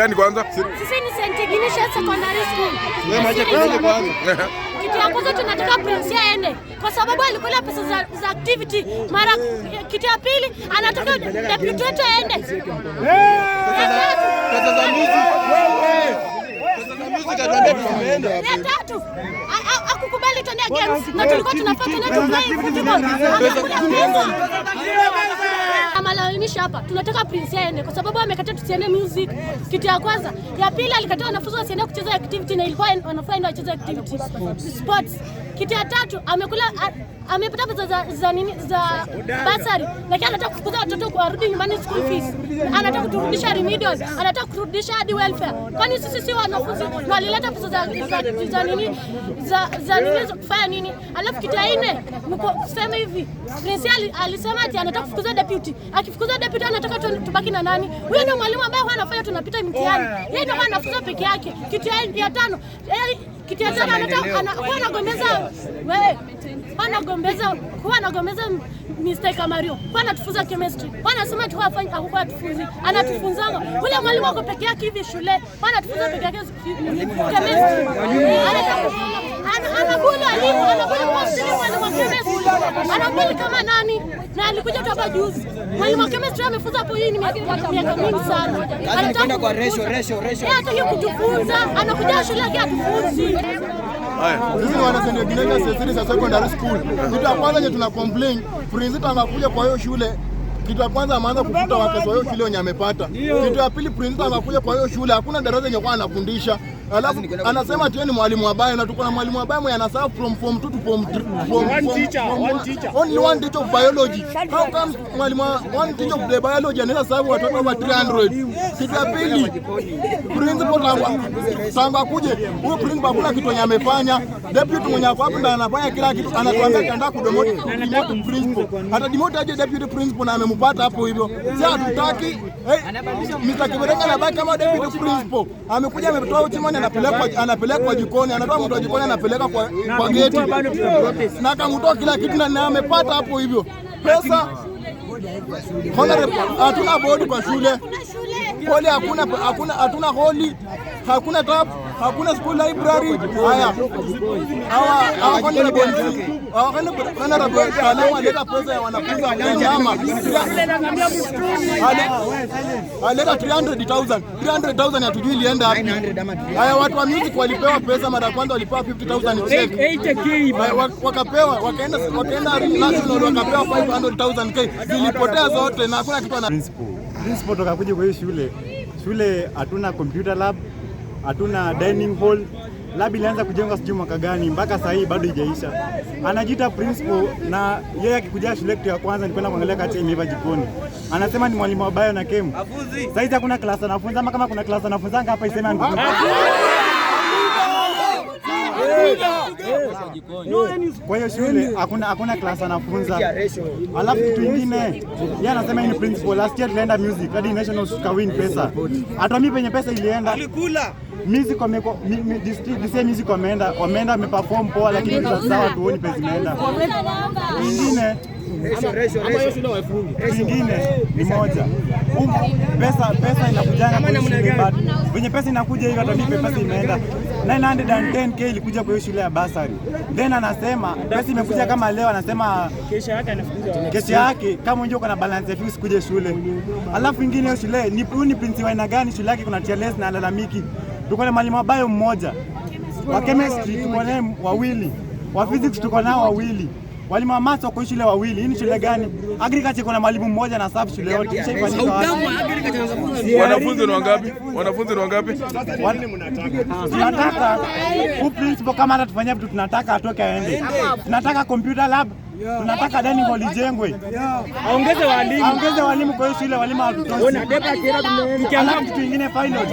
Gani kwanza? Sisi ni St. Ignatius Secondary School. Wewe kwanza kwanza. Kitu ya kwanza tunataka Prince aende kwa sababu alikula pesa za, za activity. Mara kitu ya pili anataka deputy wetu aende. Pesa za muziki. Pesa za muziki atuambia tumeenda. Ya tatu. akukubali tuende games na tulikuwa tunafata na tuplay football amalainisha hapa, tunataka Prince aende kwa sababu amekataa tusiende music, kitu ya kwanza. Ya pili alikataa wanafunzi wasiende kucheza activity, na ilikuwa wanafunzi wacheza activity sports kitu ya tatu amekula amepata pesa za za nini za basari, lakini anataka kukuza watoto warudi nyumbani school fees, anataka kuturudisha remedial, anataka kuturudisha hadi welfare. Kwani sisi si wanafunzi walileta pesa za za nini za za nini za kufanya nini? Alafu kitu ya nne kusema hivi, principal alisema ati anataka kufukuza deputy, akifukuza deputy anataka tubaki na nani? Huyo ndio mwalimu ambaye huwa anafanya tunapita mtihani, yeye ndio anafunza peke yake. Kitu ya tano, yaani, kitu ya tano anataka anagombeza wewe wanagombeza kuwa anagombeza Mr. Kamario kwa anatufunza chemistry, wanasema tu hafanya hakuwa tufunzi, anatufunzanga ule mwalimu wako peke yake hivi shule, wanatufunza peke yake chemistry, anakula alimu anakula kwa sisi mwalimu wa chemistry anakula kama nani, na alikuja tu hapa juzi. Mwalimu wa chemistry amefunza hapo, hii miaka mingi sana, anakwenda kwa ratio ratio ratio, hata hiyo kutufunza, anakuja shule yake atufunzi sisi wanasendegineza sesini za secondary school. Kitu ya kwanza nye tuna complain principal anakuja kwa hiyo shule kitu ya kwanza ameanza kukuta wake wao shule wenye amepata. Kitu ya pili principal anakuja kwa hiyo shule hakuna darasa yenye kwa anafundisha Alafu anasema tieni mwalimu wabaya na tuko na mwalimu wabaya mwenye anasahau from form 2 to form 3 from one teacher one teacher only one teacher of biology how come mwalimu one teacher of the biology anaweza sahau watoto over 300 kitu ya pili principal tangu tangu akuje huyo principal hakuna kitu yenye amefanya deputy mwenye ako hapo ndiye anafanya kila kitu anatuambia kiandaa kudemote principal hata demote aje deputy principal na amempata hapo hivyo si hatutaki Mr. Kiboreka anabaki kama deputy principal, amekuja ametoa utimani, anapelekwa jikoni, anatoa mtu wa jikoni, anapeleka kwa geti na akamtoa kila kitu, na amepata hapo hivyo pesa. Hatuna bodi kwa shule Holi hakuna, hakuna, hatuna holi, hakuna tab, hakuna school library. Haya, hawa kwenda na bonzi, hawaawanaleta pesa ya wanafunzi wanyama, aleta 300,000 300,000 hatujui ilienda hapi. Haya, watu wa music walipewa pesa mara ya kwanza, walipewa 50,000 wakapewa, wakaenda wakaenda national wakapewa 500,000 k, zilipotea zote na hakuna kitu na principal principal toka kuja kwa hiyo shule. Shule hatuna computer lab, hatuna dining hall. Lab ilianza kujengwa sijui mwaka gani, mpaka sasa hii bado haijaisha. Anajiita principal, na yeye akikuja shule ya kwanza ni kwenda kuangalia kati imeiva jikoni. Anasema ni mwalimu wa bio na kemu. Sasa hizi hakuna class anafunza, ama kama kuna class anafunzanga hapa iseme kwenye shule hakuna hakuna class anafunza. Alafu kitu kingine yeye anasema ni principal. Last year tulienda music hadi national tukawin pesa, hata mimi penye pesa ilienda music wameko dise music wameenda wameenda wameperform poa, lakini sasa watu woni pesa imeenda kingine ingine ni moja pesa, pesa inakujanga shule bado. Venye pesa inakuja hivi hata mimi pesa imeenda 910k ilikuja kwa shule ya basari, then anasema pesa imekuja kama leo, anasema kesho yake kama unajua kuna balance ya sikuje shule. Alafu ingine hiyo shule ni huyu prinsi wa aina gani? Shule yake kuna TLS na alalamiki, tuko na mwalimu wabayo mmoja, wa chemistry tuko naye wawili, wa physics tuko nao wawili Walimu wa maths wako shule wawili. Hii ni shule gani? Agriculture kuna mwalimu mmoja na sub shule yote. Wanafunzi ni wangapi? Wanafunzi ni wangapi? Wanne mnataka. Tunataka ku principal kama hata tufanyia vitu tunataka atoke aende. Tunataka computer lab, tunataka dining hall ijengwe. Aongeze walimu. Aongeze walimu kwa hiyo shule walimu hawatutosha. Unabeba kira tumeenda. Kitu kingine final.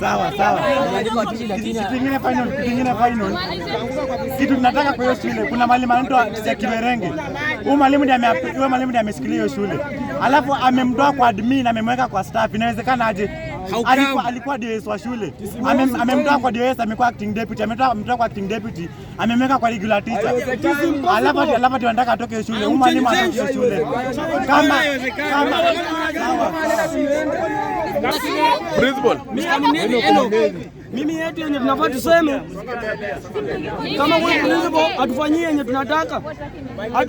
Sawa sawa. Kitu kingine final, kitu kingine final. Kitu tunataka kwa hiyo shule kuna mwalimu anaitwa Kiberenge. Huyu mwalimu ndiye amesikilia hiyo shule alafu amemdoa kwa admin, amemweka kwa staff. Inawezekana aje? Alikuwa, alikuwa DOS wa shule amem, amemtoa kwa DOS, amekuwa acting deputy, amemtoa kwa acting deputy, amemweka kwa regular teacher, alafu alafu tunataka atoke shule, huyu mwalimu atoke shule kama kama principal mimi yetu yenye tunafaa tuseme, kama municipal atufanyie yenye tunataka,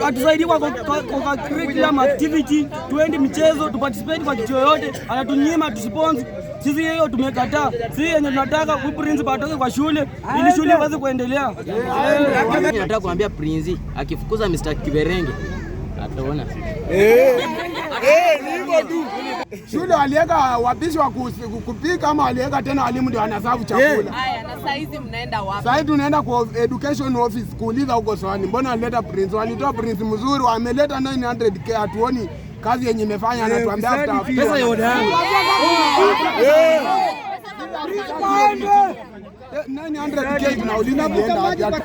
atusaidie kwa curriculum activity, tuende michezo, tuparticipate kwa kitu yoyote. Anatunyima tusponsor sisi, hiyo tumekataa. Sisi yenye tunataka huyu principal atoke kwa shule ili shule iweze kuendelea. Nataka kuambia prinzi akifukuza Mr. Kiberenge ataona eh. Eh, Shule walieka wapishi wa kupika ama walieka tena walimu ndio wanasafu eh. chakula. Haya, na saa hizi mnaenda wapi? Saa tunaenda kwa education office kuuliza huko swali. Mbona walileta prince? Walitoa prince mzuri, wameleta 900k hatuoni kazi yenye imefanya eh, tuambia after pesa oda yangu. Eh. 900k tunauliza